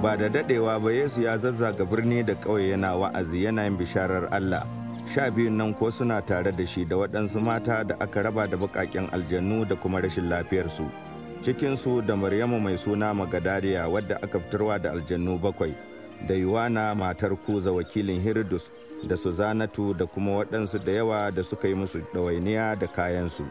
ba da dadewa ba yesu ya zazzaga birni da kawai yana wa'azi yana yin bisharar allah sha biyun nan ko suna tare da shi da waɗansu mata da aka raba da baƙaƙen aljannu da kuma rashin lafiyarsu cikinsu da maryamu mai suna magadariya wadda aka fitarwa da aljannu bakwai da yuwana matar kuza wakilin hirdus da suzanatu da kuma waɗansu da yawa da suka yi musu ɗawainiya da kayansu.